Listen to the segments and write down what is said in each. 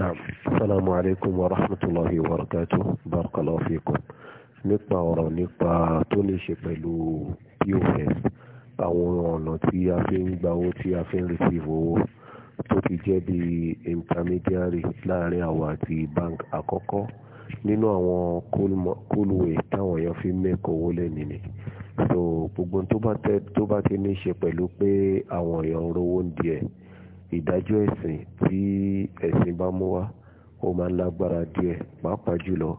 naam salaamu alaykum wa rahmatulahi wa barakatuh barakallahu fiikum nípa ọ̀rọ̀ nípa tó ní ṣe pẹ̀lú pos àwọn ọ̀nà tí a fi ń gba owó tí a fi ń receive owó tó ti jẹ́ bí intermediary láàrin àwọn àti bank àkọ́kọ́ nínú àwọn kólúwẹ̀ táwọn èèyàn fi mẹ́kọ̀ọ́ owó lẹ́nu ni so gbogbo tó bá ti ní ṣe pẹ̀lú pé àwọn èèyàn rówó ń di ẹ̀ ìdájọ́ ẹ̀sìn tí ẹ̀sìn bá mú wá ó máa ń lágbára díẹ̀ pàápàá jùlọ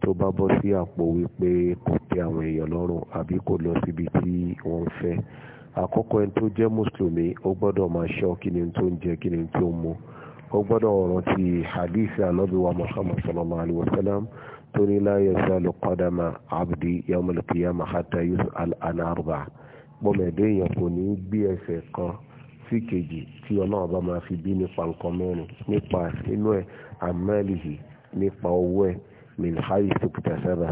tó bá bọ́ sí àpò wípé kò tẹ́ àwọn èèyàn lọ́rùn àbí kò lọ síbi tí wọ́n ń fẹ́ àkọ́kọ́ ẹni tó jẹ́ mùsùlùmí ó gbọ́dọ̀ máa ṣọ́ kí ni tó ń jẹ kí ni tó ń mu ó gbọ́dọ̀ rántí hadith anabi muhammad sallallahu alayhi wa sallam tó ní la yazalu qadama abdi yawm al-qiyamah hatta yus'al an arba'a pọ́mẹ̀dé èèyàn kò ní gbé ẹsẹ̀ kan sí kejì tí ọlọ́run bá máa fi bí nípa nǹkan mẹ́rin nípa inú ẹ̀ àmẹ́lìhì nípa owó ẹ̀ minhayi sukutasaba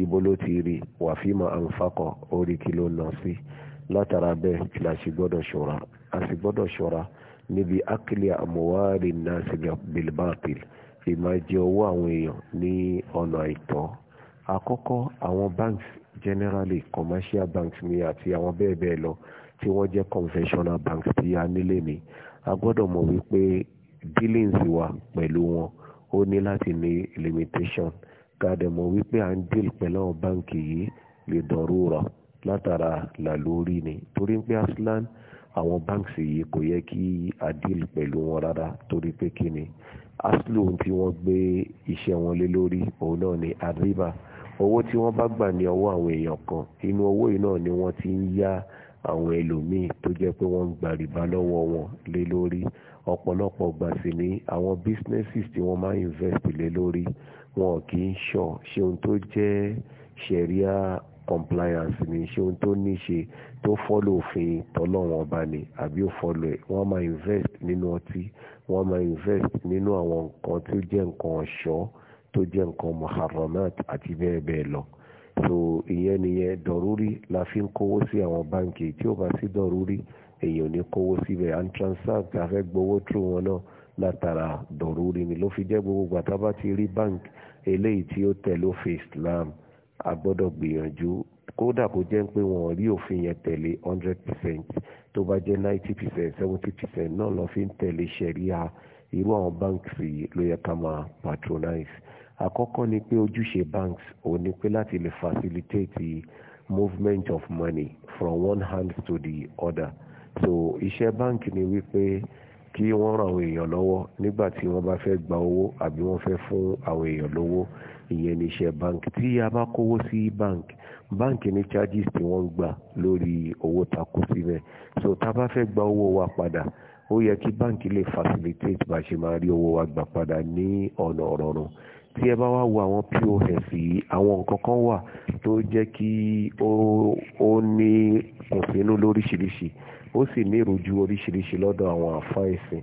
ibo ló ti rí wàfíìmọ̀ ànfàkọ̀ orí kí ló ná sí látara bẹ́ẹ̀ la sì gbọ́dọ̀ ṣọ́ra a sì gbọ́dọ̀ ṣọ́ra níbi akílẹ̀ àmúwárí náà sí bilbatil ìmọ̀ jẹ owó àwọn èèyàn ní ọ̀nà àìtọ́ àkọ́kọ́ àwọn banks generally commercial banks ni àti àwọn bẹ́ẹ̀ bẹ́ẹ̀ lọ tí wọ́n jẹ́ conventional banks tí a nílé ni a gbọ́dọ̀ mọ̀ wípé dealings wa pẹ̀lú wọn ó ní láti ní limitation ká dẹ̀ mọ̀ wípé à ń deal pẹ̀lú àwọn báǹkì yìí lè dọ̀rú rọ̀ látara làlórí ni torí pé aslan àwọn báǹkì yìí kò yẹ kí a deal pẹ̀lú wọn rárá torí pé kí ni aslo tí wọ́n gbé iṣẹ́ wọn lé lórí òun náà ni arriba owó tí wọ́n bá gbà ní ọwọ́ àwọn èèyàn kan inú owó yìí náà ni wọ́n ti ń yá. Ya àwọn ẹlòmíì tó jẹ́ pé wọ́n ń gba rìbá lọ́wọ́ wọn lé lórí ọ̀pọ̀lọpọ̀ gbà sí ní àwọn businesses tí wọ́n máa invest lé lórí wọn kì í sọ ṣe ohun tó jẹ́ ṣẹ̀ríà compliance ni ṣe ohun tó ní ṣe tó fọ́lò òfin tọ́lọ́wọ́n ọba ni àbí ò fọ́lò ẹ̀ wọ́n máa invest nínú ọtí wọ́n máa invest nínú àwọn nǹkan tó jẹ́ nǹkan ọ̀ṣọ́ tó jẹ́ nǹkan muharramat àti bẹ́ẹ̀ bẹ́ẹ̀ lọ so ìyẹn nìyẹn dọ̀rúrí la fi ń kówó sí àwọn báǹkì tí ó bá sí dọ̀rúrí èyàn ò ní kówó síbẹ̀ and transact afẹ́ gbowó through wọn náà látara dọ̀rúrí ni ló fi jẹ́ gbogbo gbàtà bá ti rí bank eléyìí tí ó tẹ̀lé òfin Islam a gbọ́dọ̀ gbìyànjú kódà kó jẹ́ pé wọ́n rí òfin yẹn tẹ̀lé hundred percent tó bá jẹ́ ninety percent seventy percent náà ló fi ń tẹ̀lé ṣẹ̀ríà irú àwọn banks yìí ló yẹ ká máa patronize àkọ́kọ́ ni pé ojúṣe banks ò ní pé láti lè facilitate movement of money from one hand to the other so iṣẹ́ báǹkì ni wípé kí wọ́n ran àwọn èèyàn lọ́wọ́ nígbà tí wọ́n bá fẹ́ gba owó àbí wọ́n fẹ́ fún àwọn èèyàn lówó ìyẹn ni iṣẹ́ báǹkì tí a bá kówó sí báǹkì báǹkì ní charges tí wọ́n ń gbà lórí owó tá síbẹ̀ so tá a bá fẹ́ gba owó wa padà ó yẹ kí báǹkì lè facilitate bá a ṣe máa rí owó wa gbà padà ní ọ̀nà ọ̀rọ̀rùn tí ẹ bá wá wo àwọn pos yìí àwọn nǹkan kan wà tó jẹ́ kí ó ní kùnsínú lóríṣiríṣi ó sì ní ìrújú oríṣiríṣi lọ́dọ̀ àwọn àfáà ìsìn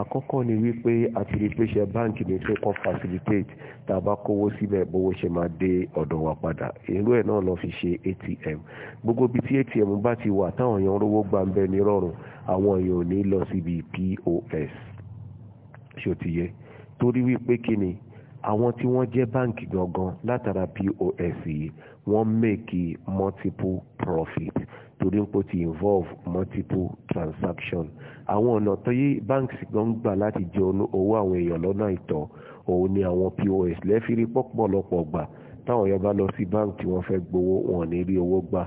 àkọ́kọ́ ni wípé àti rí pé ṣe báǹkì ní pé kan facilitate tá a bá kówó síbẹ̀ bówó ṣe máa dé ọ̀dọ̀ wa padà irú ẹ̀ náà lọ fi ṣe atm gbogbo ibi tí atm bá ti wà táwọn èèyàn rówó gbà ń bẹ ní rọrùn àwọn èèyàn ò ní lọ síbi pos ṣòtìyẹ torí wípé kí ni àwọn tí wọ́n jẹ́ báǹkì gangan látara pos yìí wọ́n make multiple profit torí ń pò ti involve multiple transaction àwọn ọ̀nà tó yí banks gan gbà láti jẹ owó àwọn èèyàn lọ́nà ìtọ́ òun ni àwọn pos lẹ́fìrí pọ́pọ̀lọpọ̀ gbà táwọn èèyàn bá lọ sí báǹkì tí wọ́n fẹ́ gbowó wọn ò ní rí owó gbà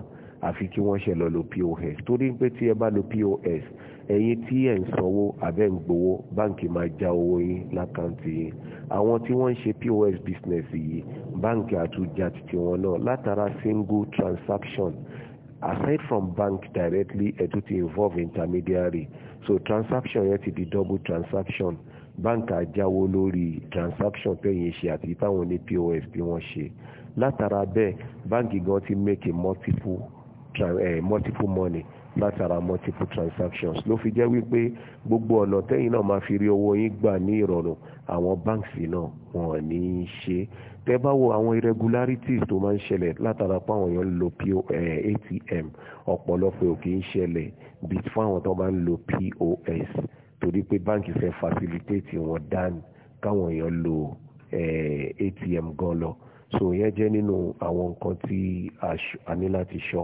àfi kí wọ́n ṣe lọ lo pos torí pé tí ẹ bá lo pos ẹ̀yin tí ẹ̀ ń sanwó abẹ́ ń gbowó báǹkì máa já owó yín lákàntì yín àwọn tí wọ́n ń ṣe pos business yìí báǹkì àtúnjà títí wọn náà látara single transaction aside from bank directly ẹ̀ tún ti involve intermediary so transaction yẹn ti di double transaction báǹkì àjáwó lórí transaction tẹ̀yìn ṣe àti táwọn ní pos bí wọ́n ṣe látara bẹ́ẹ̀ báǹkì gan ti make a multiple Eh, multiple money látara multiple transactions ló fi jẹ́ wípé gbogbo ọ̀nà tẹ́yìn náà máa fi rí owó yín gbà ní ìrọ̀rùn àwọn báǹkì náà wọ́n ní í ṣe tẹ́ bá wo àwọn irregularities tó máa ń ṣẹlẹ̀ látara páwọn èèyàn ń lo eh, atm ọ̀pọ̀lọpọ̀ ò kì í ṣẹlẹ̀ bí fáwọn tó bá ń lo pos torí pé báǹkì fẹ́ facilitate wọn dání káwọn èèyàn lo eh, atm gan lọ so yẹn jẹ́ nínú àwọn nǹkan tí a ní láti sọ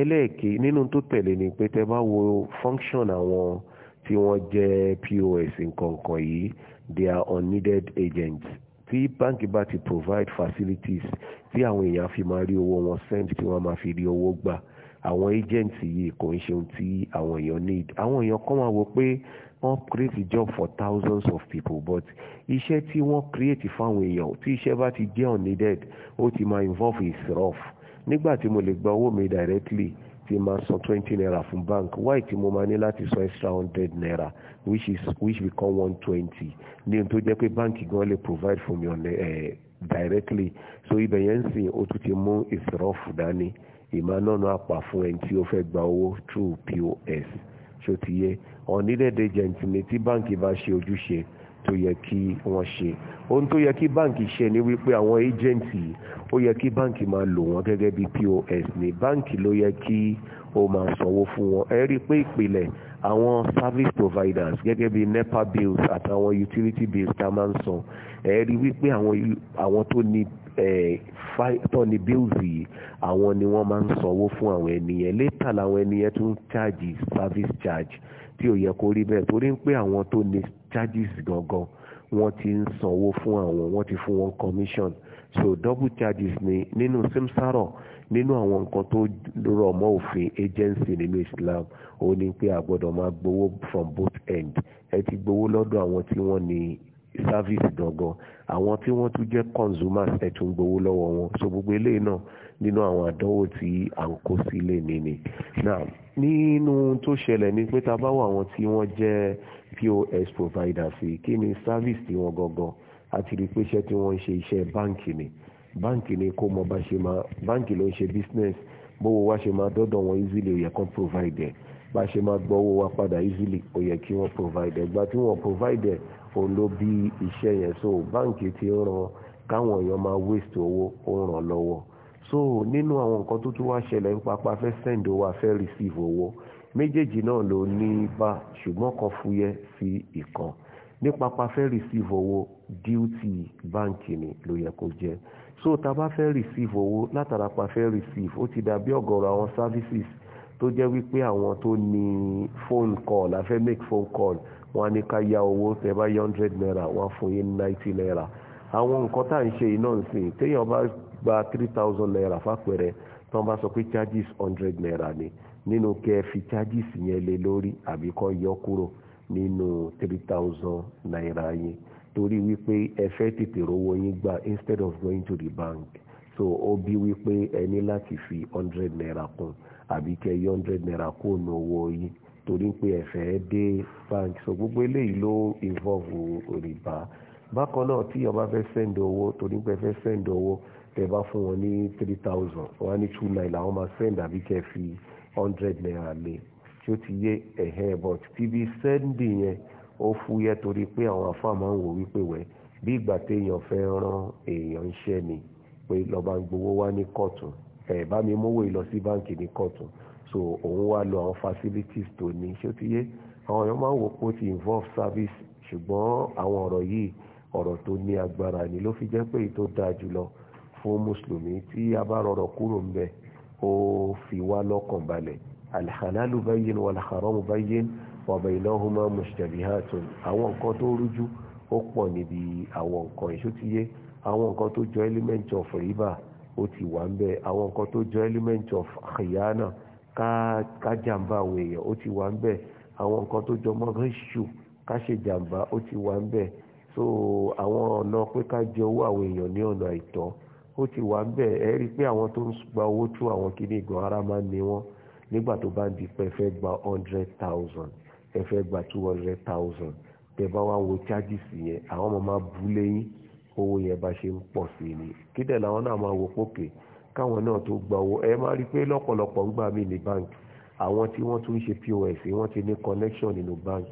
ẹlẹ́ẹ̀kì nínú tó tẹ̀lé ni pé tẹ́ bá wo function àwọn tí wọ́n jẹ́ pos nǹkankan yìí they are unneeded agents tí báńkì bá ti provide facilities tí àwọn èèyàn fi máa rí owó wọn send tí wọ́n máa fi rí owó gbà àwọn agents yìí kò ń ṣe ohun tí àwọn èèyàn need àwọn èèyàn kan máa wò pé wọ́n create job for thousands of people but iṣẹ́ tí wọ́n create fáwọn èèyàn tí iṣẹ́ bá ti jẹ́ unneeded ó ti máa involve israf nígbà tí mo lè gba owó mi directly tí máa san twenty naira fún bank why tí mo máa ní láti san extra hundred naira which is which become one twenty ní n tó jẹ́ pé báǹkì gan lè provide for me on, uh, directly so ibẹ̀ yẹn ń sìn ó tún ti mú israf dání ìmọ̀ náà náà pa fún ẹni tí ó fẹ́ gba owó through POS ṣó ti yẹ unneeded agent ni tí báǹkì bá ṣe ojúṣe tó yẹ kí wọ́n ṣe ohun tó yẹ kí báǹkì ṣe ni wípé àwọn agent ó yẹ kí báǹkì máa lò wọ́n gẹ́gẹ́ bí POS ni báǹkì ló yẹ kí ó máa sanwó fún wọn ẹ rí i pé ìpìlẹ̀ àwọn service providers gẹ́gẹ́ bí nepa bills àtàwọn utility bills tá a máa ń san ẹ rí i wípé àwọn tó ní tọ́ni bílsì yìí àwọn ni wọ́n máa ń sanwó fún àwọn ènìyàn létà làwọn ènìyàn tún ń chájì service charge tí ò yẹ kó rí bẹ́ẹ̀ torí ń pé àwọn tó ní charges gangan wọ́n ti ń sanwó fún àwọn wọ́n ti fún wọn commission so double charges ni nínú simsaro nínú àwọn nǹkan tó rọ̀ mọ́ òfin agency nínú Islam ó ní pé a gbọ́dọ̀ máa gbowó from both end ẹ ti gbowó lọ́dọ̀ àwọn tí wọ́n ní service gangan àwọn tí wọ́n tún jẹ́ consumers ẹ̀ tún gbowó lọ́wọ́ wọn so gbogbo eléyìí náà nínú àwọn àdánwò tí à ń kó sílé nìní náà nínú tó ṣẹlẹ̀ ni pé ta bá wọ àwọn tí wọ́n jẹ́ pos provider sí kí ni service tí wọ́n gangan àti rí pé iṣẹ́ tí wọ́n ń ṣe iṣẹ́ báǹkì ni báǹkì ni kó mọ bá ṣe máa báǹkì ló ń ṣe business bówó wá ṣe máa dọ́dọ̀ wọn easily ó yẹ kán provide ẹ̀ bá ṣe máa gbọ́ owó wa padà easily ó yẹ kí wọ́n provide ẹ̀ gba tí wọ́n provide ẹ̀ òun ló bí iṣẹ́ yẹn so báǹkì ti ń ran káwọn èèyàn máa waste owó ó ràn lọ́wọ́ so nínú àwọn nǹkan tó tún wá ṣẹlẹ̀ ń papá fẹ́ send owó afẹ́ receive owó méjèèjì náà ló ní bá ṣùgbọ́n kan fúyẹ́ sí ìkan ní papá fẹ́ receive owó duty báǹkì ni ló yẹ kó jẹ́ so tá a bá fẹ́ receive owó látara pa fẹ́ receive ó ti dàbí ọ̀gọ̀rọ̀ àwọn services tó jẹ́ wípé àwọn tó ní phone call afẹ́ make phone call wọ́n á ká ya owó tẹ bá yá hundred naira wọ́n á fún yín ninety naira àwọn nǹkan tá à ń ṣe gba three thousand naira fàpẹrẹ tí wọ́n bá sọ pé charges hundred naira ni nínú fi charges yẹn lé lórí àbí kọ́ yọ kúrò nínú naira yẹn torí wípé ẹ fẹ́ tètè rówó yín instead of going to the bank so ó bí wípé ẹ ní láti fi hundred naira kún àbí yọ hundred naira kún ní owó yín. torí pé ẹ̀fẹ́ dé bank so gbogbo eléyìí ló involve rìbá bákan náà tí ọba fẹ́ send owó torí pé fẹ́ send owó tẹ́ bá fún wọn ní three thousand wọn ní two nine làwọn máa send àbí kẹ́ fi hundred naira lé tí ó ti yé ẹ̀hẹ́ but tíbi sẹ́ndì yẹn ó fúyẹ́ torí pé àwọn afáà máa ń wò wípé wẹ̀ bí ìgbà téèyàn fẹ́ rán èèyàn iṣẹ́ ni pé lọ́ba ń gbowó wá ní kóòtù ẹ̀ bá mi mówó ìlọ sí báǹkì ní kóòtù so òun wá lo àwọn facilities tó ní ṣé ó ti yé àwọn èèyàn máa ń wò pé ó ti involve service ṣùgbọ́n àwọn ọ̀rọ̀ yìí ọ̀rọ̀ tó ní agbára ni ló fi jẹ́ pé èyí tó dáa jùlọ fún mùsùlùmí tí a bá rọrọ̀ kúrò ń bẹ̀ ó fi wá lọ́kàn balẹ̀ alhalalu bayin walharamu bayin wa baynahuma mushtabihatun àwọn nǹkan tó rújú ó pọ̀ níbi àwọn nǹkan ìṣótiyé àwọn nǹkan tó jọ element of riba ó ti wà ń bẹ̀ àwọn nǹkan tó jọ element of khiyana ká jàǹbá àwọn èèyàn ó ti wà ń bẹ̀ àwọn nǹkan tó jọ mọ́ ríṣù ká ṣe jàǹbá ó ti wà ń bẹ̀ so àwọn ọ̀nà pé ká jẹ owó àwọn èèyàn ní ọ̀nà àìtọ́ ó ti wà ń bẹ̀ ẹ rí i pé àwọn tó ń gba owó tú àwọn kíní ìgbọ̀n ara máa ń ní wọn nígbà tó bá ń di pé ẹ fẹ́ gba hundred thousand ẹ fẹ́ gba two hundred thousand tẹ bá wá wo charges yẹn àwọn ọmọ máa bú lẹ́yìn owó yẹn bá ṣe ń pọ̀ sí ni kí dẹ̀ làwọn náà máa wo pókè. Okay káwọn náà tó gba owó ẹ máa rí i pé lọ́pọ̀lọpọ̀ ń gbà mí ní bank àwọn tí wọ́n tún ṣe pos wọ́n ti ní connection nínú bank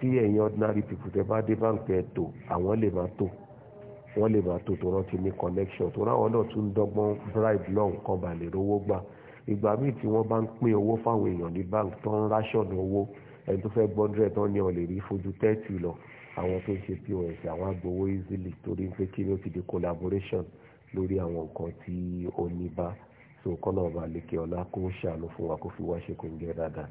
tí ẹ̀yin ordinary people tẹ bá dé bank ẹ tó àwọn lè máa tó wọ́n lè máa tó tó rántí ní connection tó ráwọn náà tún dọ́gbọ́n bribe lọ́n kan balẹ̀ rówó gbà ìgbà míì tí wọ́n bá ń pín owó fáwọn èèyàn ní bank tó ń ráṣọ̀nù owó ẹni tó fẹ́ gbọ́ndúrẹ̀ tán ni ọ̀ lè rí fojú tẹ́tì lọ àwọn tó ń ṣe pos àwọn agbowó easily torí pé kí ni ó ti di collaboration lórí àwọn nǹkan tí ó ní bá so kọ́nà ọba lékè ọlá kó ṣàánú fún wa kó fi wá ṣe kó ń jẹ́ dáadáa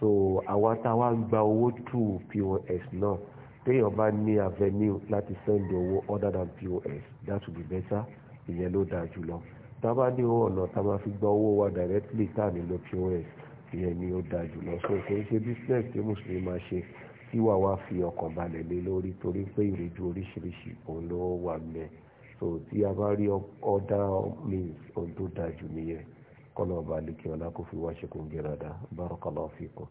so àwa táwa ń gba owó tù pos náà téèyàn bá ní avenue láti send owó other than pos that would be better ìyẹn ló dáa jùlọ tábà ní ọ̀nà tá a máa fi gba owó wa directly tá à ní pos ìyẹn ni ó dáa jùlọ so kò ń ṣe business tí mùsùlùmí máa ṣe tí wàá wá fi ọkàn balẹ̀ lé lórí torí pé ìrèjú oríṣiríṣi òun ló wà mẹ́ẹ̀ so tí a bá rí ọ̀dà means ohun tó dáa jù nìyẹn kọ́nà ọba àlekè ọlá kò ṣe kó ń gẹ́rọ̀ dá barakallahu